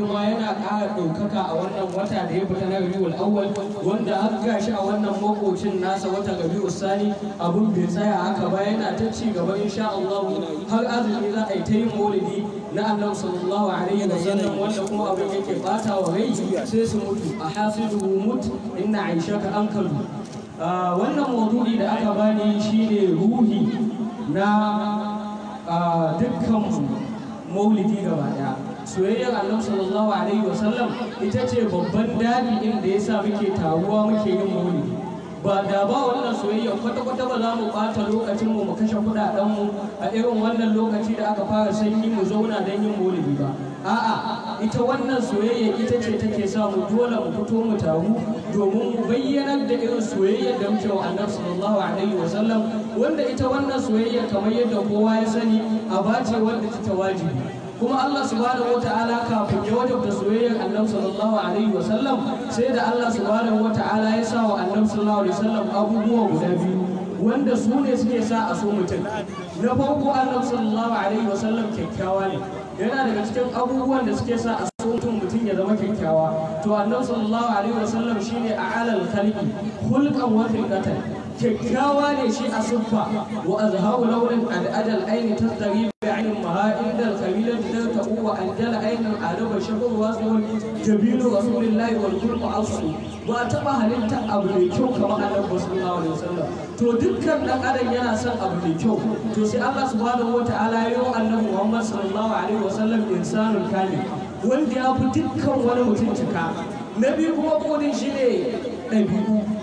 kuma yana ƙara ɗaukaka a wannan wata da ya fita na rabiul awwal wanda an gashi a wannan makocin nasa wata rabiul sani abun bai tsaya haka ba yana ta ci gaba insha Allah har azumi za a yi ta yin maulidi na Allah sallallahu alaihi wa sallam wanda kuma abin yake bata wa rai sai su mutu a hasidu mut inna aishaka ankalu wannan maudu'i da aka bani shine ruhi na dukkan maulidi gaba daya soyayyar Allah sallallahu alaihi wasallam ita ce babban dabi'in da yasa muke taruwa muke yin muni ba da ba wannan soyayya kwata-kwata ba za mu ɓata lokacin mu mu kashe mu a irin wannan lokaci da aka fara sanyi mu zauna dan yin maulidi ba a'a ita wannan soyayya ita ce take sa mu dole mu fito mu taru domin mu bayyanar da irin soyayya da muke wa annabi sallallahu alaihi wasallam wanda ita wannan soyayya kamar yadda kowa ya sani a bace wanda ta wajibi kuma Allah subhanahu wata'ala kafin ya wajabta soyayyar annabi sallallahu alaihi wasallam sai da Allah subhanahu wata'ala ya sa wa annabi sallallahu alaihi wasallam abubuwa guda biyu wanda su ne suke sa a so mutum na farko annabi sallallahu alaihi wasallam kyakkyawa ne yana daga cikin abubuwan da suke sa a so mutum mutum ya zama kyakkyawa to annabi sallallahu alaihi wasallam shine a alal khalqi khulqan wa khilqatan kyakkyawa ne shi a siffa wa azharu launin al'adal aini tasdari عينها عند الخليلة ترتقو وأنجل عين العرب شهر واسم جبين رسول الله والكل عصر ba taɓa halitta abu mai kyau kamar annabi sallallahu alaihi wasallam to dukkan dan adam yana son abu mai kyau to sai Allah subhanahu wataala ya yi annabi Muhammad sallallahu alaihi wasallam insanul kamil wanda ya fi dukkan wani mutum cika na biyu kuma kodin shine ɗabi'u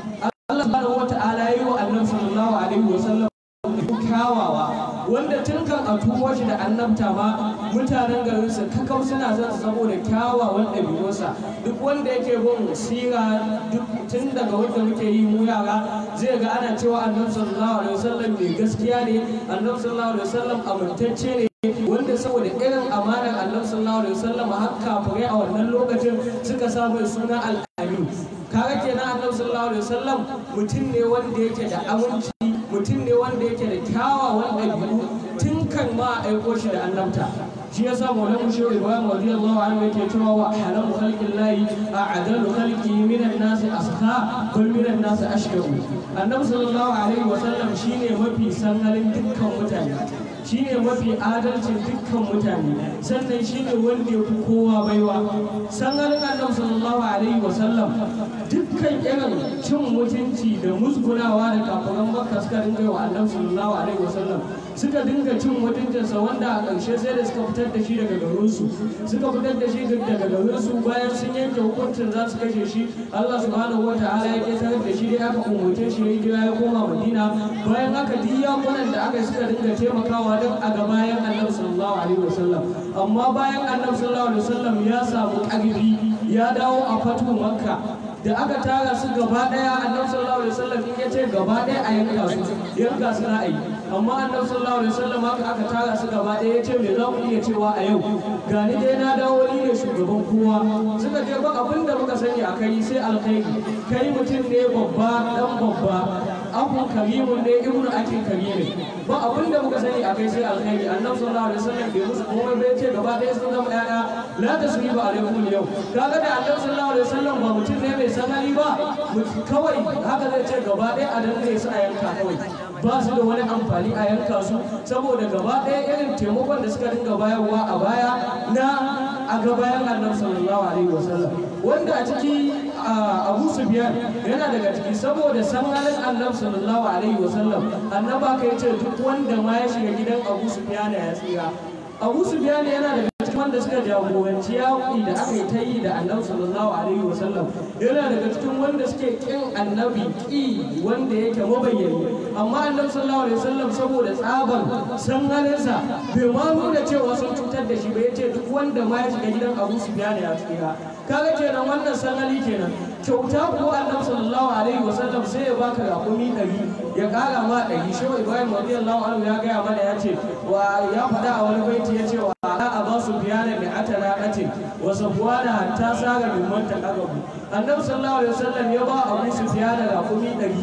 wanda tun kan a tumo shi da annabta ma mutanen garin su kakau suna zan saboda kyawawan ɗabi'unsa duk wanda yake bin sira duk tun daga wanda muke yi mu yara zai ga ana cewa annabi sallallahu alaihi wasallam mai gaskiya ne annabi sallallahu alaihi wasallam amintacce ne wanda saboda irin amanar annabi sallallahu alaihi wasallam har kafirai a wannan lokacin suka samu suna al'amin kare kenan annabi sallallahu alaihi wasallam mutum ne wanda yake da aminci mutum ne wanda yake da kyawawan ɗabi'u tun kan ma a aiko shi da annabta shi ya sa maulan mu shehu ibrahim radiyallahu anhu yake cewa wa halamu khalqin lahi a adalu khalqi minan nas asqa bal minan nas ashqabu annabi sallallahu alaihi wa sallam shine mafi san dukkan mutane shi ne mafi adalcin dukkan mutane sannan shi ne wanda ya fi kowa baiwa sangarin allah sallallahu alaihi wa sallam dukkan irin cin mutunci da musgunawa da kafiran makka suka dinga yi wa Allah sallallahu alaihi wa sallam suka dinga cin mutuncinsa wanda a ƙarshe sai da suka fitar da shi daga garinsu suka fitar da shi daga garinsu bayan sun yanke hukuncin za su kashe shi Allah subhanahu wa ta'ala ya ƙetar da shi da aka umarce shi ya koma Madina bayan haka duk yakunan da aka suka dinga taimakawa don a gabayan annabi sallallahu alaihi wasallam amma bayan annabi sallallahu alaihi wasallam ya samu ƙarfi ya dawo a fatu makka da aka tara su gaba daya annabi sallallahu alaihi wasallam in yace gaba daya a yanka su yanka su ra'ayi amma annabi sallallahu alaihi wasallam haka aka tara su gaba daya yace me za ku iya cewa a yau ga ni dai na dawo ni ne shugaban kowa suka je ba abin da muka sani a kai sai alkhairi kai mutum ne babba dan babba abu karimun ne ibnu akin karimin ba abin da muka sani akai sai alkhairi annabi sallallahu alaihi wasallam bai musu komai bai ce gaba ɗaya sun zama ɗaya la tasriba alaikum yau kaga da annabi sallallahu alaihi wasallam ba mutum ne mai sanari ba kawai haka zai ce gaba ɗaya a danne su a yanka kawai ba su da wani amfani a yanka su saboda gaba ɗaya irin taimakon da suka dinga bayarwa a baya na a gabayan annabi sallallahu alaihi wasallam wanda a ciki abu sufyan yana daga ciki saboda sanganin annab sallallahu alaihi wasallam annaba ka ce duk wanda ma ya shiga gidan abu sufyan ya tsira abu sufyan yana daga cikin wanda suka jagoranci yaƙi da aka yi ta yi da annabi sallallahu alaihi wasallam yana daga cikin wanda suke ƙin annabi ƙi wanda yake mabayyani amma annabi sallallahu alaihi wasallam saboda tsaban san halinsa bai ma nuna cewa sun cutar da shi ba yace duk wanda ma ya shiga gidan abu sufyan ya tsira kaga kenan wannan sanali kenan kyauta ko annabi sallallahu alaihi wasallam sai ya baka raƙumi ɗari ya ƙara ma ɗari shi ibrahim radiyallahu anhu ya gaya mana ya ce wa ya fada a wani baiti ya ce wa ala abasu biyana bi atana ati wa safwana hatta sara min kaga annabi sallallahu alaihi wasallam ya ba abu biyana raƙumi ɗari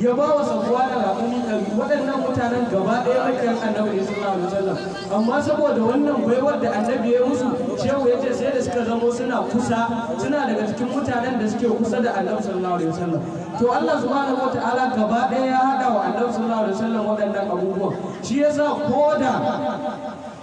ya ba wa sabuwa da raƙumi ɗari waɗannan mutanen gaba ɗaya mutanen annabi sallallahu alaihi wasallam amma saboda wannan baiwar da annabi ya musu cewa ya ce sai da suka zamo suna kusa suna daga cikin mutanen da suke kusa da annabi sallallahu alaihi wasallam to Allah subhanahu wataala gaba ɗaya ya hada wa annabi sallallahu alaihi wasallam waɗannan abubuwan shi yasa koda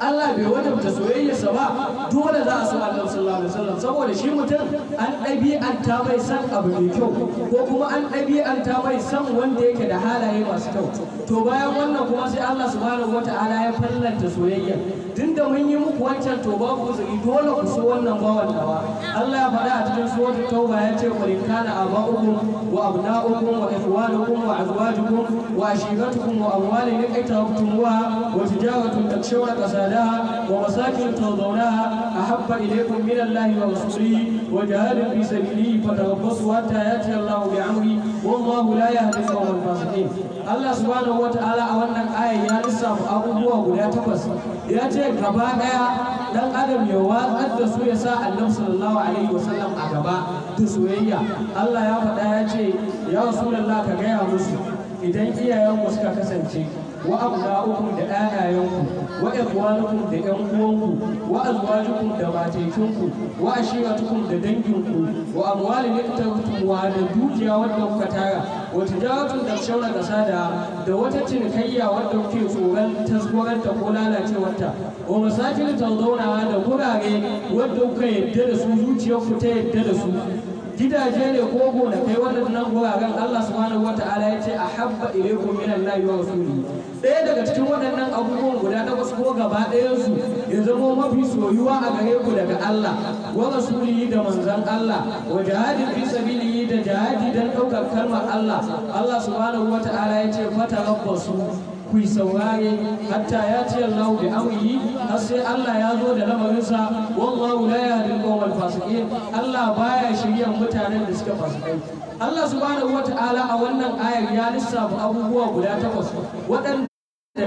Allah bai wajabta soyayyarsa ba dole za a san Allah sallallahu alaihi wasallam saboda shi mutum an ɗabi'anta mai san abu mai kyau ko kuma an ɗabi'anta mai san wanda yake da halaye masu kyau to bayan wannan kuma sai Allah subhanahu wata'ala ya fallanta soyayya tun mun yi muku wancan to ba ku uzuri dole ku so wannan bawan nawa Allah ya faɗa a cikin suratul tauba ya ce qul kana aba'ukum wa abna'ukum wa ikhwanukum wa azwajukum wa ashiratukum wa amwalun iqtaraftumuha wa tijaratun takshawna qasadaha wa masakin tawdawnaha ahabba ilaykum min Allahi wa rasulihi wa jahadun fi sabilihi fatarabbasu hatta yati Allahu bi amri wallahu la yahdi al-qawma al-fasiqin Allah subhanahu wa ta'ala a wannan aya ya lissafa abubuwa guda takwas ya ce gaba daya dan adam ya watsar da su ya sa allah sallallahu alaihi wasallam a gaba ta soyayya Allah ya faɗa ya ce ya ka gaya musu idan iyayenmu suka kasance wa abna'ukum da ɗanayenku wa ikhwanukum da ƴan uwanku wa da mataikinku wa ashiratukum da danginku wa amwalin wa da dukiya wadda kuka tara wa tijaratun da shaura kasada da wata cinikayya wadda kuke tsoron tasgoranta ko lalacewarta wa da gurare wadda kuka yadda da su zuciyarku ta yadda da su gidaje ne ko gona gonakai waɗannan wuraren Allah subhanahu wata'ala ya ce a habba ilaikum min allahi wa rasuli ɗaya daga cikin waɗannan abubuwan guda takwas ko gaba ɗayan su ya zama mafi soyuwa a gare ku daga Allah wa rasuli da manzon Allah wa jihadin fi sabilihi da jihadi dan ɗaukar kalmar Allah Allah subhanahu wata'ala ya ce fata rabbasu ku yi saurare hatta ya ce Allah bi amri har sai Allah ya zo da lamarinsa wallahu la yahdi al-qawmal fasiqin Allah baya shirya mutanen da suka fasikai Allah subhanahu wata'ala a wannan ayar ya lissafa abubuwa guda takwas waɗanda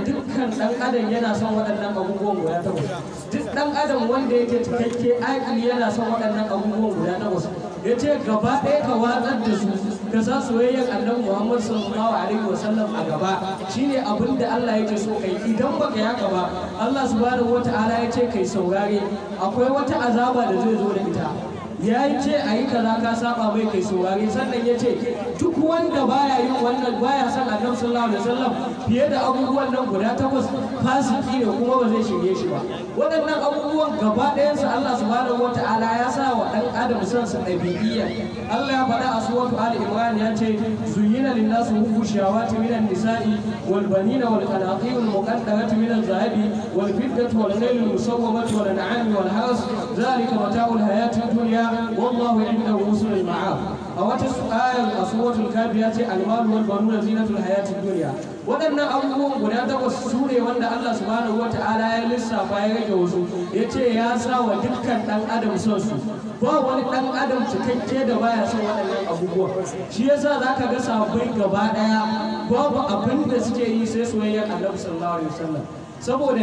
dukkan ɗan adam yana son waɗannan abubuwan guda takwas duk ɗan adam wanda yake cikakke aiki yana son waɗannan abubuwan guda takwas ya ce gaba ɗaya ka watsar da su ka waye yin annabi Muhammad sallallahu alaihi wasallam a gaba shine abin da Allah yake so kai idan baka ya gaba Allah subhanahu wataala ya ce kai saurare akwai wata azaba da zai zo da ita ya yi ce a yi kaza ka saba mai kai saurare sannan ya ce duk wanda baya yin wannan baya son annabi sallallahu alaihi wasallam fiye da abubuwan nan guda takwas fasiki ne kuma ba zai shirye shi ba waɗannan abubuwan gaba su Allah subhanahu wataala ya sa wa ɗan adam son su ɗabi'iyya Allah ya faɗa a suratu Ali Imran ya ce zuyina linnasu hubbu shawati minan nisa'i wal banina wal qanatir al muqaddarati minal zahabi wal fiddati wal khayl al musawwamati wal an'am wal haras zalika mata'ul hayati dunya nan wallahu inda musul ma'a a wata ayar a suratul ce almalu wal banuna zinatul hayatid dunya waɗannan abubuwan guda takwas su ne wanda Allah subhanahu wa ta'ala ya lissafa ya rage wasu ya ce ya sa wa dukkan ɗan adam son su ba wani ɗan adam cikakke da baya son waɗannan abubuwa shi yasa za ka ga sabai gaba ɗaya babu abin da suke yi sai soyayyar annabi sallallahu alaihi wasallam saboda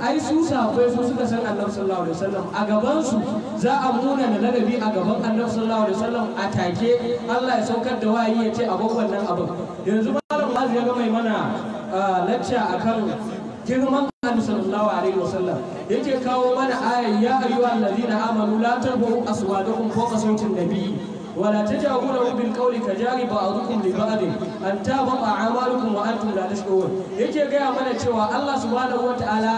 ai su sahabbai su suka san annabi sallallahu alaihi wasallam a gaban su za a muna na ladabi a gaban annabi sallallahu alaihi wasallam a take Allah ya saukar da wayi ya ce abin wannan abin yanzu malam Mazu ya ga mai mana ah, lacca akan girman annabi sallallahu alaihi wasallam yake kawo mana ayat ya ayyuhallazina amanu la tabu aswadakum fawqa sawtin nabiyyi ولا تجاوبوا بالقول qawli بعضكم لبعض ان تابوا اعمالكم وانتم لا wa يجي غيا tashkurun yake gaya mana cewa Allah كزو wataala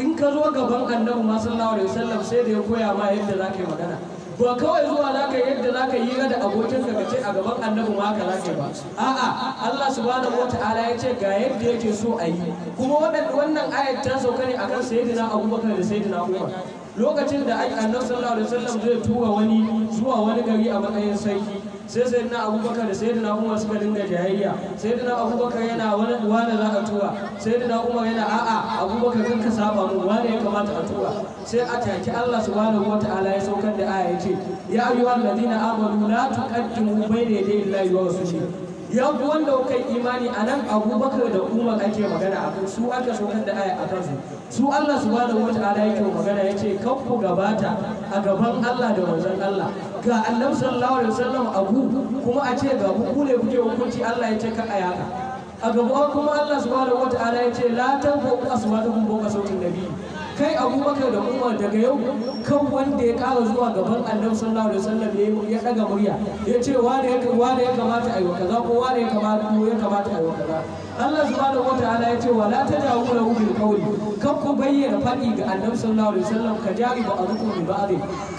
in ka zo gaban annabi ma sallallahu alaihi sai da ya koya ma yadda ba kawai zuwa za yadda za ka yi da abokin ka ce a gaban annabi ma ka zaka ba a'a Allah subhanahu wataala ya ce ga yadda yake so a yi kuma wannan ayat ta sauka ne akan sayyidina Abubakar da sayyidina Umar lokacin da annabi sallallahu alaihi wasallam zai tura wani zuwa wani gari a matsayin sarki sai sai na abubakar da sayyidina umar suka dinga jayayya sayyidina abubakar yana wani wani za a tura sayyidina umar yana a'a abubakar kanka saba mu wani ya kamata a tura sai a taki allah subhanahu wa ta'ala ya saukar da aya ya ce ya ayyuhal ladina amanu la tuqaddimu bayna yadayi llahi wa rasulihi ya fi wanda kuka yi imani a nan abubakar da umar ake magana a kan su aka kan da aya a kansu su allah su bada wata ala yake magana ya ce kan ku gabata a gaban allah da wajen allah ga annabi sallallahu alaihi wasallam abu kuma a ce ga ku ne kuke hukunci allah ya ce ka a yaka a gaban kuma allah su bada wata ala ya ce la tanfu aswatukum fawqa sautin nabi kai abubakar da umar daga yau kan wanda ya kara zuwa gaban annabi sallallahu alaihi wasallam ya daga murya ya ce wane ya wane ya kamata ayi wa kaza ko wane ya kamata ko ya kamata ayi wa kaza Allah subhanahu wataala ya ce la tajawu lahu bil qawli kan ku bayyana fadi ga annabi sallallahu alaihi wasallam ka jari ba azukum bi ba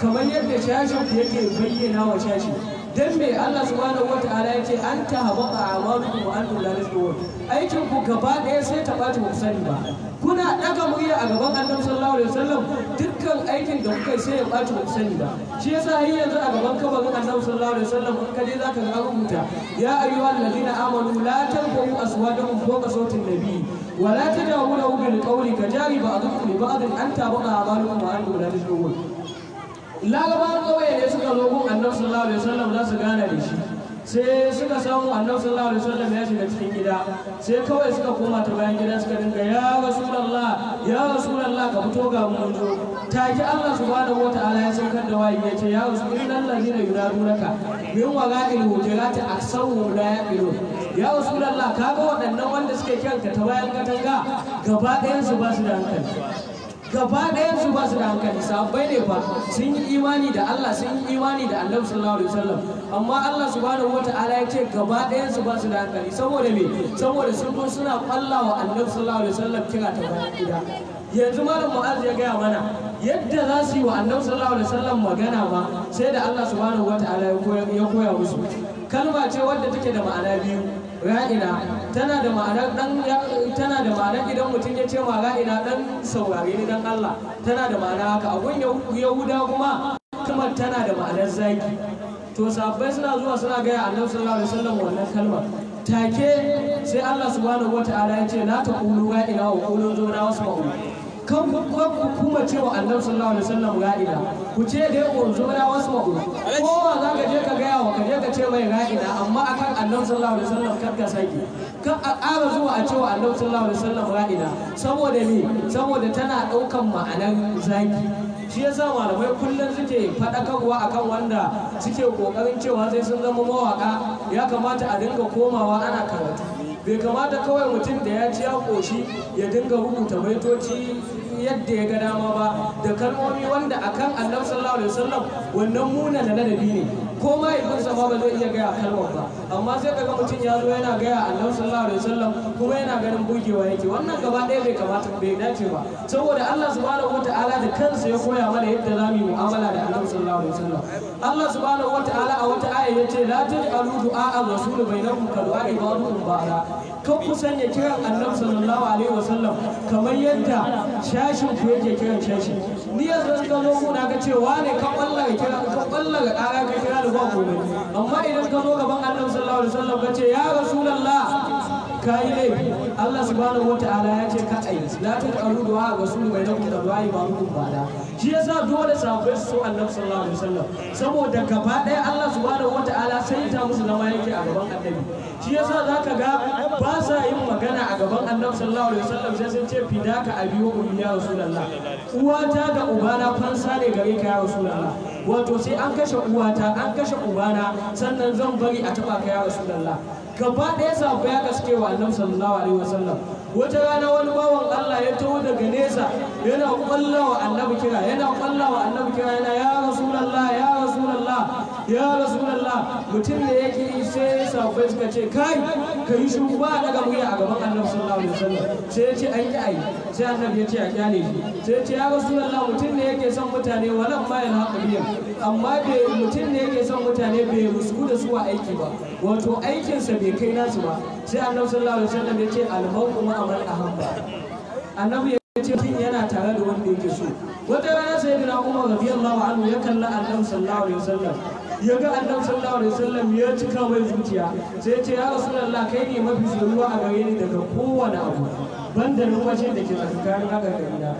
kamar yadda shashin yake bayyana wa shashi dan me Allah subhanahu wataala ya ce an ta habata amalukum wa antum la tashkurun aikin ku gaba ɗaya sai ta ɓaci ku sani ba kuna ɗaga murya a gaban annabi sallallahu alaihi wasallam dukkan aikin da kuka sai ya ɓaci ku sani ba shi yasa har yanzu a gaban kabarin annabi sallallahu alaihi wasallam in ka je zaka ga rubuta ya ayyuhal ladina amanu la tarfa'u aswatakum fawqa sautin nabi wa la tad'u lahu bil qawli kajari ba'dukum li ba'd an ta habata amalukum wa antum la tashkurun larabawa kawai ne suka zo gun annabi sallallahu alaihi wasallam za su gane da shi sai suka samu annabi sallallahu alaihi wasallam ya shiga cikin gida sai kawai suka koma ta bayan gida suka dinga ya rasulullah ya rasulullah ka fito ga mu zo Taki Allah subhanahu wataala ya saukar da wayi yace ya rasulullah ladina yunadunaka min wara'il hujurati aksaru la yaqilu ya rasulullah kaga waɗannan wanda suke kyanka ta bayan katanga gaba ɗayan su ba su da hankali gaba ɗayan su ba su da hankali sahabbai ne fa sun yi imani da Allah sun yi imani da Allah sallallahu alaihi wasallam amma Allah subhanahu wataala ya ce gaba ɗayan su ba su da hankali saboda me saboda sun zo suna kallawa Allah sallallahu alaihi wasallam kira ta bayan gida yanzu malam mu'az ya gaya mana yadda za su yi wa Allah sallallahu alaihi wasallam magana ba sai da Allah subhanahu wataala ya koya musu kalma ce wadda take da ma'ana biyu ra'ina tana da ma'anar dan tana da ma'anar idan mutum ya ce ma ra'ina dan saurare ni dan Allah tana da ma'ana haka Abun yahuda kuma kuma tana da ma'anar zaki to sabbai suna zuwa suna gaya annabi sallallahu alaihi wasallam wannan kalmar take sai Allah subhanahu wataala ya ce la taqulu ra'ina wa qulu zura wasma'u kan kuma cewa annabi sallallahu alaihi wasallam ra'ina ku ce dai unzura wasma'u kowa zaka je ka ce mai ra'ina amma akan annabi sallallahu alaihi wasallam kar saki kan a ƙara zuwa a cewa annabi sallallahu alaihi wasallam ra'ina saboda me saboda tana ɗaukan ma'anar zaki shi yasa malamai kullum suke faɗakarwa akan wanda suke ƙoƙarin cewa sai sun zama mawaƙa ya kamata a dinga komawa ana karatu bai kamata kawai mutum da ya ci ya koshi ya dinga rubuta baitoci yadda ya ga dama ba da kalmomi wanda akan annabi sallallahu alaihi wasallam wannan muna da ladabi ne ko ma ibn sama ba zai iya gaya kalmar ba amma sai kaga mutum ya zo yana gaya annabi sallallahu alaihi wasallam kuma yana ganin bugewa yake wannan gaba ɗaya bai kamata bai dace ba saboda Allah subhanahu wataala da kansa ya koya mana yadda za mu mu'amala da annabi sallallahu alaihi wasallam Allah subhanahu wataala a wata aya yace la taj'alu du'a ar-rasul bainakum kal-wa'i ba'dukum ba'da kan ku sanya kiran annabi sallallahu alaihi wasallam kamar yadda shashin ku yake kiran shashi ni yanzu an ka mu na ga cewa ne ka kwalla ka kira ka kwalla ga kara ka kira da ba komai amma idan ka zo gaban annabi sallallahu alaihi wasallam ka ce ya rasulullah ka yi laifi Allah subhanahu wata'ala ya ce ka ayi la ta karu da wa rasul bai nan da bai ba mu ba da shi yasa dole sahabbai su so annabi sallallahu alaihi wasallam saboda gaba ɗaya Allah subhanahu wata'ala sai ta musu zama yake a gaban annabi shi yasa zaka ga ba sa yin magana a gaban annabi sallallahu alaihi wasallam sai sun ce fidaka abi wa ummi ya rasulullah uwata da ubana fansa ne gare ka ya rasulullah wato sai an kashe uwata an kashe ubana sannan zan bari a taba ka ya rasulullah gaba ɗaya safa ya gaske wa annabi sallallahu alaihi wasallam wata rana wani bawan Allah ya taho daga nesa yana kwalla annabi kira yana kwalla annabi kira yana ya rasulullah ya ya rasulallah mutum da yake yi sai sahabbai suka ce kai ka yi shiru ba daga wuya a gaban annabi sallallahu alaihi wasallam sai ya ce an yi ai sai annabi ya ce a kyale shi sai ya ce ya rasulallah mutum da yake son mutane walan ma yana biya amma mutum da yake son mutane bai musu da su a aiki ba wato aikinsa bai kai nasu ba sai annabi sallallahu alaihi wasallam ya ce al-mawqu ma'amal ahabba annabi ce yana tare da wanda yake so wata rana sai bin umar radiyallahu anhu ya kalla annabi sallallahu alaihi wasallam ya annan annabi sallallahu alaihi wasallam ya cika mai zuciya sai ce ya rasulullah kai ne mafi tsoro a gare ni daga kowane abu banda numfashin da ke tsakanin haka da gida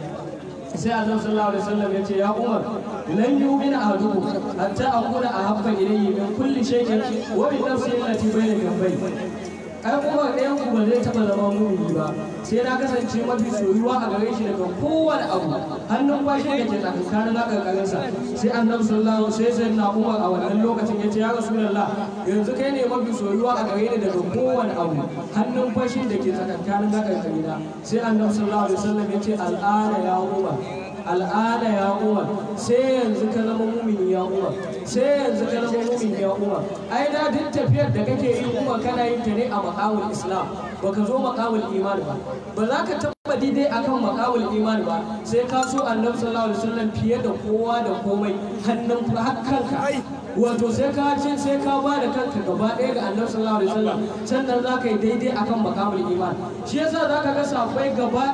sai annabi sallallahu alaihi wasallam ya ce ya umar lan yu'mina ahadukum hatta aqula ahabba ilayhi min kulli shay'in wa bi nafsihi allati bayna gambai ai umar ɗayan ku ba zai taɓa zama mumini ba sai na kasance mafi soyuwa a gare shi daga kowane abu hannun bashi da ke tsakankanin na ƙarƙarinsa sai annabi sallallahu sai sai na umar a wannan lokacin ya ce ya rasulallah yanzu kai ne mafi soyuwa a gare ni daga kowane abu hannun bashi da ke tsakankanin na ƙarƙarina sai annabi sallallahu alaihi wasallam ya ce al'ada ya umar al'ada ya uwa sai yanzu ka zama mumin ya uwa sai yanzu ka zama mumin ya uwa ai da duk tafiyar da kake yi kuma kana yin ta ne a makawul islam baka zo makawul iman ba ba za ka ba daidai akan makawul iman ba sai ka so annabi sallallahu alaihi wasallam fiye da kowa da komai hannun kanka wato sai ka ce sai ka ba da kanka gaba ɗaya ga annabi sallallahu alaihi wasallam sannan za ka yi daidai akan makamul iman shi yasa za ka ga safai gaba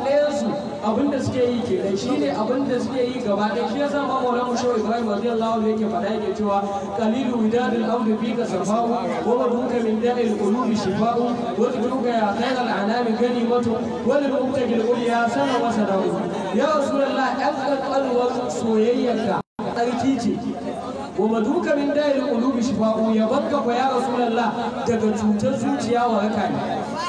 abin da suke yi ke dai shine da suke yi gaba ɗaya shi yasa ma maula mu shehu ibrahim radiyallahu anhu yake faɗa yake cewa qalilu widadul awd bi ka safa'u wa dunka min da'il qulubi shifa'u wa dunka ya khairal anami ganimatu wa lil ulya sama masa dawo ya lalla yan kalkalwar soyayyarka tsarki ce wa duka min dayil qulubi shifa'u ya bakka ya ya lalla daga cutar zuciya waraka ne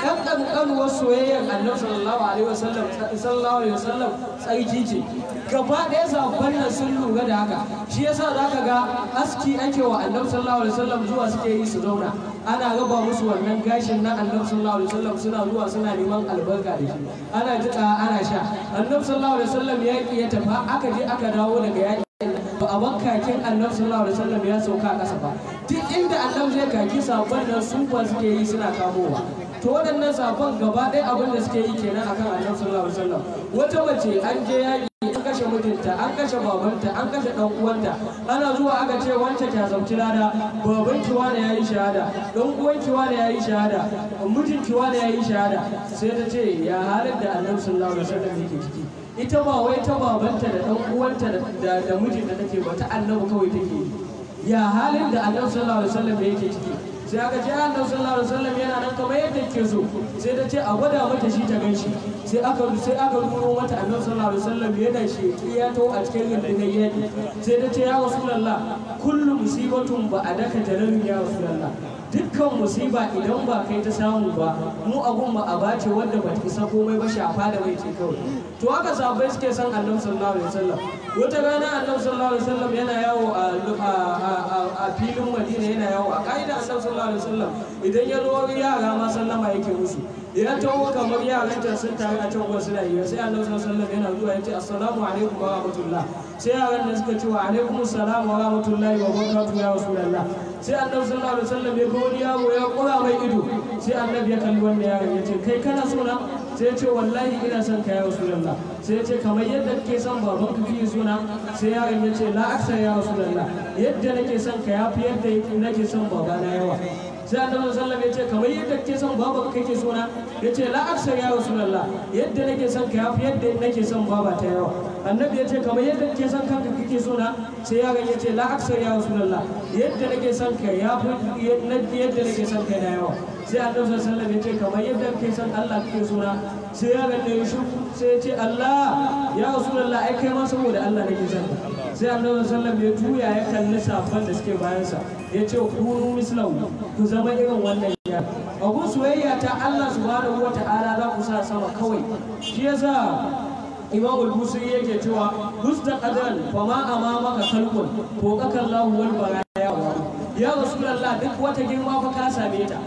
ɗan wasu soyayyar annabi sallallahu alaihi wasallam sallallahu alaihi wasallam tsarki ce gaba ɗaya sabon nan sun lura da haka shi yasa za ka ga aski ake wa annabi sallallahu alaihi wasallam zuwa suke yi su zauna ana raba musu wannan gashin na annabi sallallahu alaihi wasallam suna zuwa suna neman albarka da shi ana jiƙa ana sha annabi sallallahu alaihi wasallam yaƙi ya tafa aka je aka dawo daga yaƙi ba a makakin annabi sallallahu alaihi wasallam ya sauka a ƙasa ba duk inda annabi zai kaki sabon nan su ba suke yi suna kamowa to waɗannan safan gaba ɗaya abin da suke yi kenan akan annabi sallallahu alaihi wasallam wata mace an je yaƙi an kashe mijinta an kashe babanta an kashe ɗan uwanta ana zuwa aka ce wancan ta zamci lada baban kiwa da yayi shahada ɗan uwan kiwa da yayi shahada mijin kiwa da yayi shahada sai ta ce ya halin da annabi sallallahu alaihi wasallam yake ciki ita ba wai ta babanta da ɗan uwanta da mijinta take ba ta annabi kawai take ya halin da annabi sallallahu alaihi wasallam yake ciki sai aka ce annabi sallallahu alaihi wasallam yana nan kamar yadda yake so sai ta ce a gwada mata shi ta ganshi sai aka sai aka nuno mata annabi sallallahu alaihi wasallam yana shi ya to a cikin yadda rundunar yaki sai ta ce ya rasulullah kullu musibatun ba a daka jalan ya rasulullah kan musiba idan ba kai ta samu ba mu abun ba a bace wanda ba ta isa komai ba shafa da mai ce kawai to haka sabai suke son annabi sallallahu alaihi wasallam wata rana annabi sallallahu alaihi wasallam yana yawo a filin madina yana yawo a ka'ida annabi sallallahu alaihi wasallam idan ya zo yara ma sallama yake musu ya taho kamar yaran ta sun taru a can wasu rayuwa sai annabi sallallahu alaihi wasallam yana zuwa yace assalamu alaikum wa rahmatullah sai yaran da suka ce wa alaikum assalam wa rahmatullahi wa barakatuh ya rasulullah sai annabi sallallahu alaihi wasallam ya goni yaro ya kura mai ido sai annabi ya kalli wannan yaro ya ce kai kana so na sai ya ce wallahi ina son ka ya rasulullah sai ya ce kamar yadda kake son baban ka fiye suna sai yaron ya ce la aksa ya rasulullah yadda nake son ka ya fi yadda nake son babana yawa sai annabi sallallahu ya ce kamar yadda kake son baba ka kake so na ya ce la aksar ya rasulullah yadda nake son ka yafi yadda nake son baba ta yawa annabi ya ce kamar yadda kake son kanka kake so na sai yaron ya ce la aksar ya rasulullah yadda nake son ka yafi yadda nake son ka na yawa sai annabi sallallahu alaihi ya ce kamar yadda kake son Allah kake so na sai yaron ya shi sai ya ce Allah ya rasulullah ai kai ma saboda Allah nake son ka sai annabi sallam ya juya ya kalli safan da suke bayansa ya ce kunu ku zama irin wannan ya abun soyayya ta Allah subhanahu ta'ala za ku sa sama kawai shi yasa imam al-busri yake cewa husda qadan fa ma ka khalqun ko kakallahu wal baraya ya rasulullah duk wata girma fa ka same ta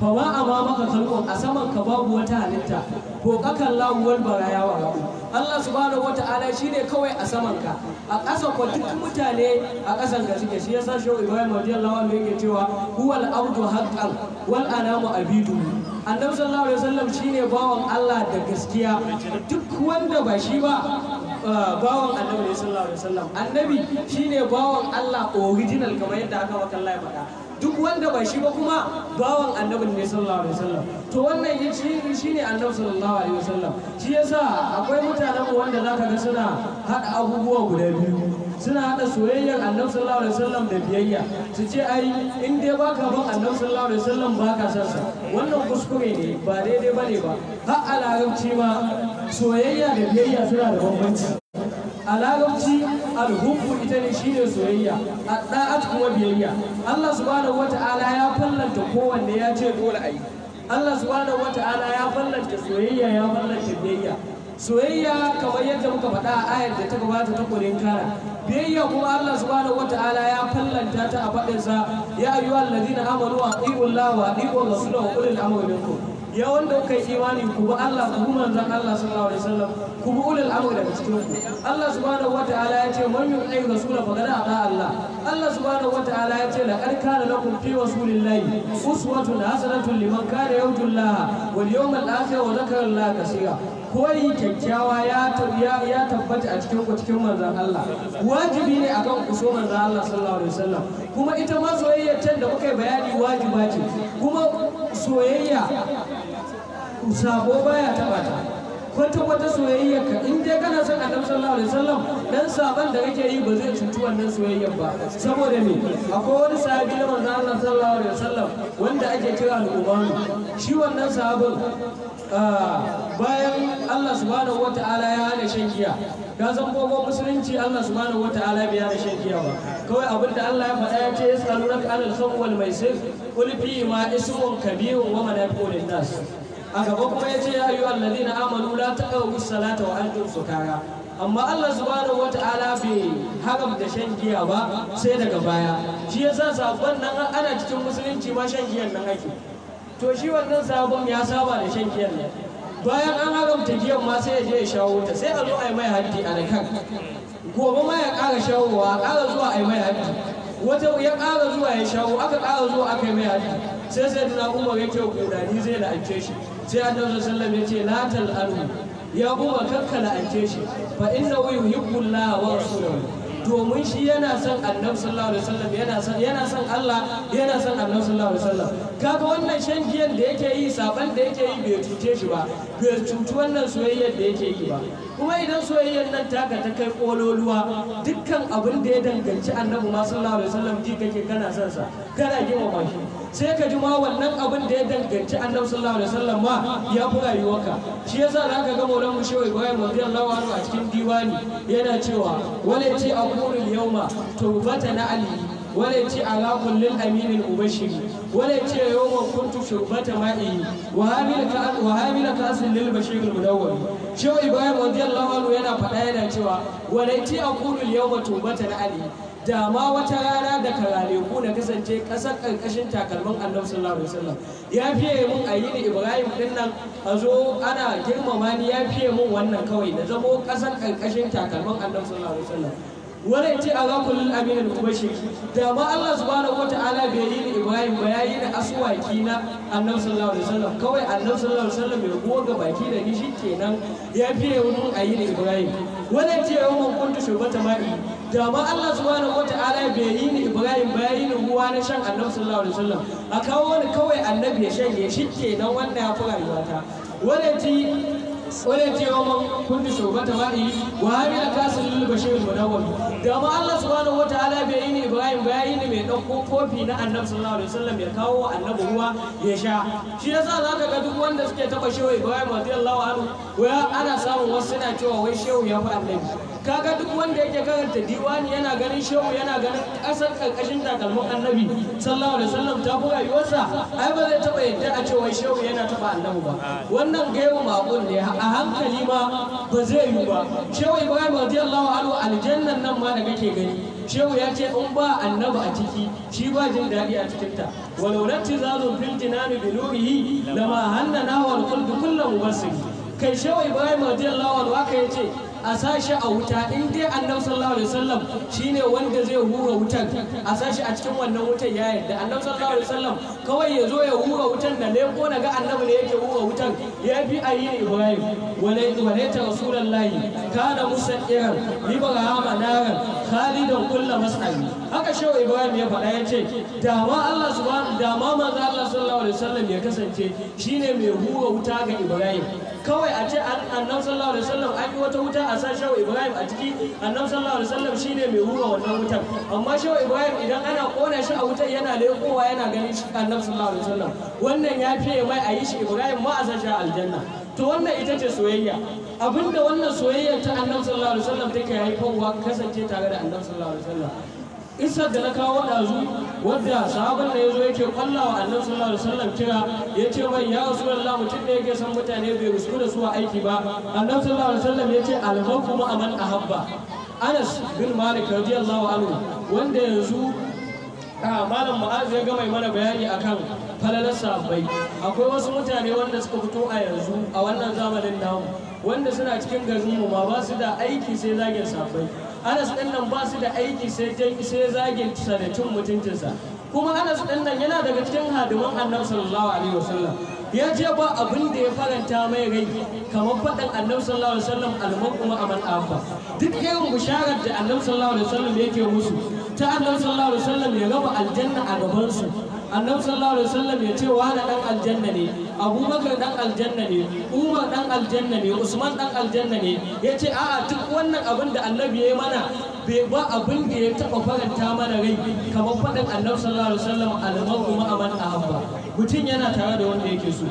fa ma ka khalqun a saman ka babu wata halitta ko kakallahu wal baraya wa Allah subhanahu shi ne kawai a saman ka a ƙasa ko duk mutane a ƙasan ka suke shi yasa shi Ibrahim radiyallahu anhu yake cewa huwal abdu haqqan wal anamu abidu annabi sallallahu alaihi wasallam shine bawan Allah da gaskiya duk wanda ba shi ba uh, bawan annabi sallallahu alaihi wasallam annabi shine bawan Allah original kamar yadda aka maka Allah ya faɗa duk wanda ba shi ba kuma bawan annabin ne sallallahu alaihi wasallam to wannan ya ce shi ne annabi sallallahu alaihi wasallam shi yasa akwai mutanen mu wanda zaka ga suna hada abubuwa guda biyu suna hada soyayyar annabi sallallahu alaihi wasallam da biyayya su ce ai in dai baka bin annabi sallallahu alaihi wasallam baka san sa wannan kuskure ne ba daidai bane ba har a larabci ma soyayya da biyayya suna da bambanci a larabci alhubbu ita ne shi ne soyayya adda'at kuma biyayya Allah subhanahu wata'ala ya fallanta kowanne ya ce dole ayi Allah subhanahu wata'ala ya fallanta soyayya ya fallanta biyayya soyayya kamar yadda muka faɗa a ayar da ta gabata ta kurin kara biyayya kuma Allah subhanahu wata'ala ya fallanta ta a faɗinsa ya ayyuhal ladina amanu wa atiiu Allah wa atiiu rasulahu wa ulil amri minkum ya wanda kai imani ku ba Allah ku manzon Allah sallallahu alaihi wasallam ku bi ulul amri daga cikin ku Allah subhanahu wataala ya ce man yu'i rasula faqad ata Allah Allah subhanahu wataala ya ce la qad kana lakum fi rasulillahi uswatun hasanatun liman kana yarju Allah wal yawmal akhir wa dhakara Allah kaseera koyi kyakkyawa ya tabbata a cikin ku cikin Allah wajibi ne akan ku so manzan Allah sallallahu alaihi wasallam kuma ita ma soyayyar can da muka yi bayani wajiba ce kuma soyayya sabo baya tabata. kwata kwata soyayya ka in dai kana son annabi sallallahu alaihi wasallam dan saban da kake yi ba zai cuci wannan soyayya ba saboda me akwai wani sahabi na manzo Allah sallallahu alaihi wasallam wanda ake kira al ubanu shi wannan sahabin ah, bayan Allah subhanahu wata'ala ya hana shan giya ka san gogon musulunci Allah subhanahu wata'ala bai hana shan giya ba kawai da Allah ya faɗa ya ce yasalunaka anil khamr maisir qul fi ma ismun kabirun wa manafi'un nas a kuma ya ce ya yi allazi na amanu la ta kawo salata wa antum sukara amma Allah subhanahu wata'ala bai haramta shan giya ba sai daga baya shi yasa sabon nan ana cikin musulunci ma shan giyan nan ake to shi wannan sabon ya saba da shan giyan ne bayan an haramta giyan ma sai ya je ya shawo ta sai a zo a yi mai haddi a kan gobe ma ya ƙara shawowa a ƙara zuwa a yi mai haddi wata ya ƙara zuwa ya shawo aka ƙara zuwa aka yi mai haddi sai sai dina umar yake gudani zai la'ance shi sai da sallam ya ce la tal'anu ya kuma kakkala ance shi fa innahu yuhibbullah wa rasuluhu domin shi yana son annabi sallallahu alaihi wasallam yana son yana son Allah yana son annabi sallallahu alaihi wasallam kaga wannan shan giyan da yake yi saban da yake yi bai cuce shi ba bai cuci wannan soyayyar da yake yi ba kuma idan soyayyar nan ta ka ta kai kololuwa dukkan abin da ya danganci annabi ma sallallahu alaihi wasallam ji kake kana son sa kana girmama shi sai ka ji ma wannan abin da ya danganci annabi sallallahu alaihi wasallam ma ya fi rayuwarka shi yasa za ka ga maulan mushewa bayan radiyallahu anhu a cikin diwani yana cewa wala ti aqulu yawma na ali wala ti ala kullil amin al mubashiri wala ti yawma kuntu shubata ma'i wa hamilaka wa hamilaka asl lil bashir al mudawwam shewa ibrahim radiyallahu anhu yana faɗa yana cewa wala ti aqulu yawma na ali da ma wata rana da karaleku na kasance kasar ƙarƙashin takalmin annabi sallallahu alaihi wasallam ya fiye mun a yi ibrahim din nan a zo ana girmama ni ya fiye mun wannan kawai da zamo kasar ƙarƙashin takalmin annabi sallallahu alaihi wasallam wani ce a ga kullum amin al-kubashi da ma Allah subhanahu wata'ala bai yi ni Ibrahim ba yayi ni aswaki na Annabi sallallahu alaihi wasallam kawai Annabi sallallahu alaihi wasallam ya goga baki da ni shikenan ya fiye mun ayi ni Ibrahim wannan ce yau man kuntu ta ma'i da ma Allah subhanahu wata'ala bai yi ni Ibrahim bai yi ni ruwa na shan Annabi sallallahu alaihi wasallam a kawo wani kawai Annabi ya shanye shi ke nan wannan ya fara rayuwata wannan wannan cewa mun kunni su ba ta ma'i wa hami da kasin lullu bashirin mudawwami da ma Allah subhanahu wata ala yi ne bayan bayan ne mai ɗauko kofi na annabi sallallahu alaihi wasallam ya kawo wa annabi ruwa ya sha shi ya sa zaka ga duk wanda suke taɓa wa ibrahim radiyallahu anhu ana samun wasu suna cewa wai shehu ya fi annabi kaga duk wanda yake karanta diwani yana ganin shehu yana ganin kasar karkashin takalmin annabi sallallahu alaihi wasallam ta fi rayuwarsa ai ba zai taɓa yadda a cewa shehu yana taba annabi ba wannan gaiwa makon ne a hankali ma ba zai yi ba shehu ibrahim radiyallahu anhu aljannan nan ma da kake gani shehu ya ce in ba annabi a ciki shi ba jin daɗi a cikinta walau latti zazun fil jinani bi nurihi lama hannana wal qulbi kullu mubassir kai shehu ibrahim radiyallahu anhu haka yace a sashi a wuta in dai annabi sallallahu alaihi wasallam shine wanda zai hura wutan a sashi a cikin wannan wutan ya yarda annabi sallallahu alaihi wasallam kawai ya zo ya hura wutan da leko na ga annabi ne yake hura wutan ya fi a yi ibrahim ta rasulullahi kana musairan ibrahim naran khalidun kullu mas'al haka shehu ibrahim ya faɗa ya ce da ma Allah subhanahu da ma manzo Allah sallallahu alaihi wasallam ya kasance shine mai hura wuta ga ibrahim kawai a ce annan sallallahu alaihi wasallam an yi wata wuta a san shehu ibrahim a ciki annan sallallahu alaihi wasallam shine mai hura wannan wutan. amma shehu ibrahim idan ana kona shi a wutan yana lekowa yana ganin shi annan sallallahu alaihi wasallam wannan ya fiye mai a yi shi ibrahim ma a san shi aljanna to wannan ita ce soyayya abinda wannan soyayya ta annan sallallahu alaihi wasallam take haifarwa kasance tare da annan sallallahu alaihi wasallam isar da na kawo ɗazu wadda sahaban da ya zo yake kwallawa annan sallallahu alaihi wasallam kira ya ce mai ya rasu mutum da yake san mutane bai rusu da su a aiki ba annan sallallahu alaihi wasallam ya ce alhaqu ma aman ahabba Anas bin Malik radiyallahu anhu wanda yanzu malam Mu'az ya gama mana bayani akan falalar sahabbai akwai wasu mutane wanda suka fito a yanzu a wannan zamanin namu wanda suna cikin garinmu ma ba su da aiki sai zagin sahabbai anas ɗin nan ba su da aiki sai sai zagin sa da cin mutuncinsa kuma anas ɗin nan yana daga cikin haduman annabi sallallahu alaihi wasallam ya je ba abin da ya faranta mai rai kamar faɗin annabi sallallahu alaihi wasallam alman kuma aman afa duk irin bisharar da annabi sallallahu alaihi wasallam yake musu ta annabi sallallahu alaihi wasallam ya raba aljanna a gaban su annabi sallallahu alaihi wasallam ya ce wa dan aljanna ne abubakar dan aljanna ne umar dan aljanna ne usman dan aljanna ne ya ce a'a duk wannan abin da annabi ya yi mana bai ba abin da ya taba faranta mana rai kamar faɗin annabi sallallahu alaihi wasallam almar'u ma'aman ahabba mutum yana tare da wanda yake so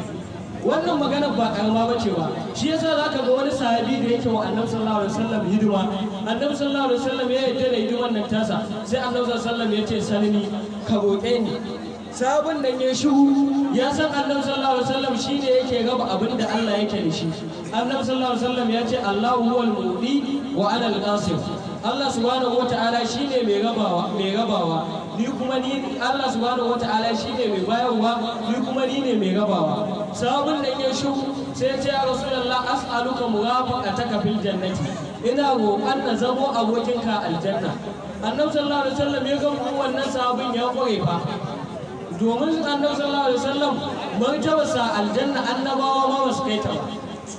wannan magana ba karama ba ce ba shi yasa za ka ga wani sahabi da yake wa annabi sallallahu alaihi wasallam hidima annabi sallallahu alaihi wasallam ya yi da hidiman nan tasa sai annabi sallallahu alaihi wasallam ya ce salimi ka roƙe ni sabon da ya shiru ya san annabi sallallahu alaihi wasallam shine yake gaba abin da Allah yake da shi annabi sallallahu alaihi wasallam ya ce Allahu huwal mudi wa ana al-qasim Allah subhanahu wata'ala shine mai gabawa mai gabawa ni kuma ni Allah subhanahu wata'ala shine mai bayarwa ni kuma ni ne mai gabawa sabon da ya shiru sai ya ce ya rasulullah as'aluka murafaqataka fil jannati ina roƙon na zamo abokinka aljanna annabi sallallahu alaihi wasallam ya ga wannan sabon ya kore fa domin annabi sallallahu alaihi wasallam sa aljanna annabawa ma ba su kai ta ba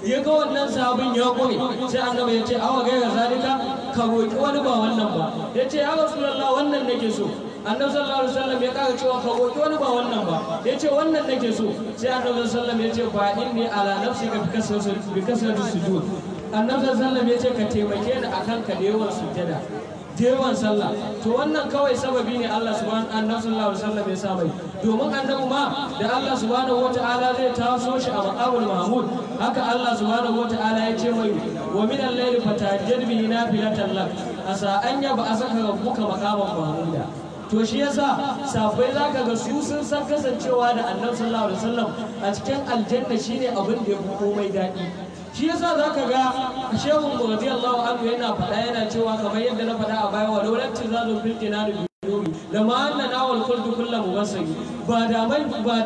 ya ga wannan sabon ya koyi sai annabi ya ce awa gaira zalika ka roƙi wani ba wannan ba ya ce ya rasulullah wannan nake so annabi sallallahu alaihi wasallam ya kaga cewa ka roƙi wani ba wannan ba ya ce wannan nake so sai annabi sallallahu alaihi wasallam ya ce fa inni ala nafsi ka bi kasratu sujud annabi sallallahu alaihi wasallam ya ce ka taimake ni akan ka da yawan sujjada da yawan sallah to wannan kawai sababi ne Allah subhanahu annabi sallallahu alaihi wasallam ya sa mai domin annabi ma da Allah subhanahu wata'ala zai taso shi a maqamul mahmud haka Allah subhanahu wata'ala ya ce mai wa min al-layli fatajjal bi nafilatan lak asa an ba asaka rabbuka maqaman mahmuda to shi yasa safai zaka ga su sun san kasancewa da annabi sallallahu alaihi wasallam a cikin aljanna shine abin da ya fi komai daɗi shi yasa zaka ga shehu allahu anhu yana faɗa yana cewa kamar yadda na faɗa a baya wa lawlati zalu fil jinani bi da ma'anna nawal kullu kullu mubassiri ba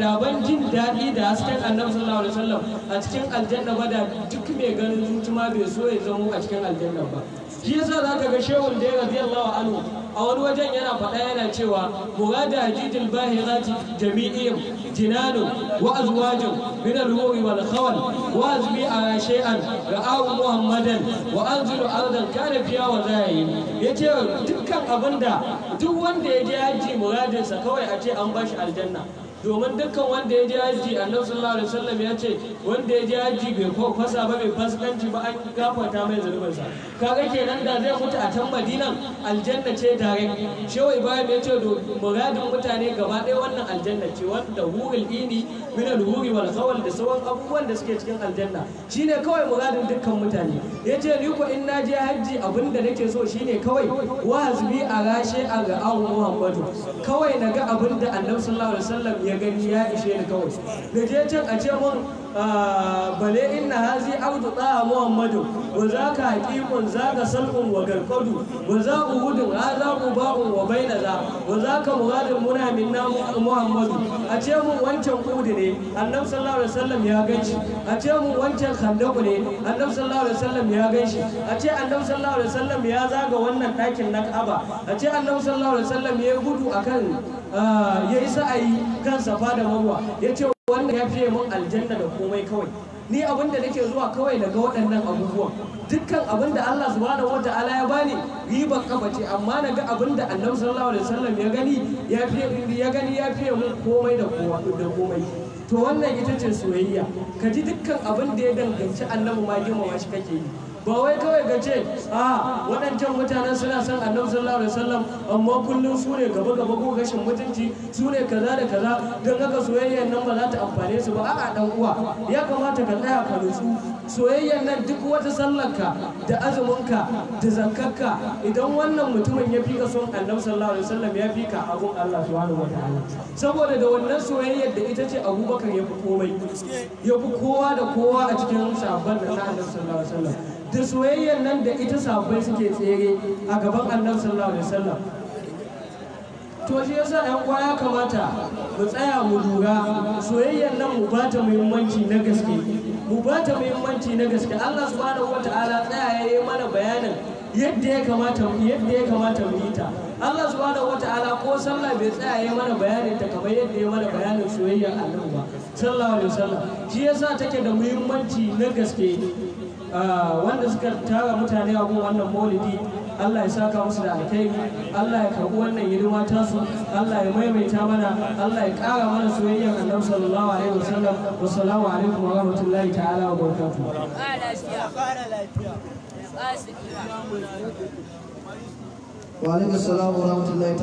da ban jin daɗi da hasken annabi sallallahu alaihi wasallam a cikin aljanna ba da duk mai ganin zuci ma bai so ya zama a cikin aljanna ba shi yasa za ka ga shehun dai radiyallahu anhu a wani wajen yana faɗa yana cewa murada hajjijil bahirati jami'in jinanu wa azwajin min al-ruhi wal khawal wa azbi a shay'an ra'ahu muhammadan wa anzilu ardan kana fiya wa zayi yace dukkan abinda duk wanda ya je haji muradinsa kawai a ce an bashi aljanna domin dukkan wanda ya je haji annabi sallallahu alaihi wasallam ya ce wanda ya je haji bai ko fasa ba bai fasikanci ba an gafarta mai sa. kaga kenan da zai mutu a can madinan aljanna ce tare shehu ibrahim ya ce muradin mutane gaba ɗaya wannan aljanna ce wanda hurul ini min al-huri wal khawal da sauran abubuwan da suke cikin aljanna shine kawai muradin dukkan mutane ya ce ni ko in na je haji abin da nake so shine kawai wahazbi a rashe a ga muhammadu kawai ga abin da annabi sallallahu alaihi wasallam ya gani ya ishe ni kawai da je can a ce mun ah, bale inna hazi audu da muhammadu wa za ka kun za ka salƙun wa garfadu wa za ku hudun ha za ku ba'un wa baina za wa za ka muradin muna na muhammadu a ce mun wancan kudu ne annab sallallahu alaihi wasallam ya ganshi a ce mun wancan khandaku ne annab sallallahu alaihi wasallam ya ganshi a ce annab sallallahu alaihi wasallam ya zaga wannan ɗakin na ka'aba a ce annab sallallahu alaihi wasallam ya gudu akan Ah, ya yi sa'ayi kan safa da marwa ya ce wanda ya fiye mun aljanna da komai kawai ni abin da nake zuwa kawai daga waɗannan abubuwan dukkan abin da Allah subhanahu wata'ala ya bani riban kafa ce amma na ga abin da Annabi sallallahu alaihi wasallam ya gani ya fiye ya gani ya fiye mun komai da komai to wannan ita ce soyayya ka ji dukkan abin da ya danganci Annabi ma girmama shi kake yi ba wai kawai ka ce a waɗancan mutanen suna son annabi sallallahu alaihi wasallam amma kullum su ne gaba gaba ko gashin mutunci su ne kaza da kaza don haka soyayyar nan ba za ta amfane su ba a'a dan uwa ya kamata ka tsaya ka nutsu soyayyar nan duk wata sallarka da azuminka da zakkarka idan wannan mutumin ya fika son annabi sallallahu alaihi wasallam ya fika abun Allah subhanahu wataala saboda da wannan soyayyar da ita ce Abubakar ya fi komai ya fi kowa da kowa a cikin sahabban da ta annabi sallallahu alaihi wasallam da soyayyar nan da ita sabbai suke tsere a gaban annabi sallallahu alaihi wasallam to shi yasa ɗan kwa ya kamata mu tsaya mu lura soyayyar nan mu ba ta muhimmanci na gaske mu ba ta muhimmanci na gaske Allah subhanahu wata'ala tsaya ya yi mana bayanin yadda ya kamata yadda ya kamata mu yi ta Allah subhanahu wata'ala ko sallah bai tsaya ya mana bayanin ta kamar yadda ya mana bayanin soyayyar Allah ba sallallahu alaihi wasallam shi yasa take da muhimmanci na gaske Ah, wanda suka tara mutane a gun wannan maulidi Allah ya saka musu da alkhairi Allah ya karɓi wannan hidima ta su Allah ya maimaita mana Allah ya ƙara mana ga Annabi sallallahu alaihi wasallam wassalamu alaikum wa rahmatullahi ta'ala wa barakatuh wa alaikum assalam wa rahmatullahi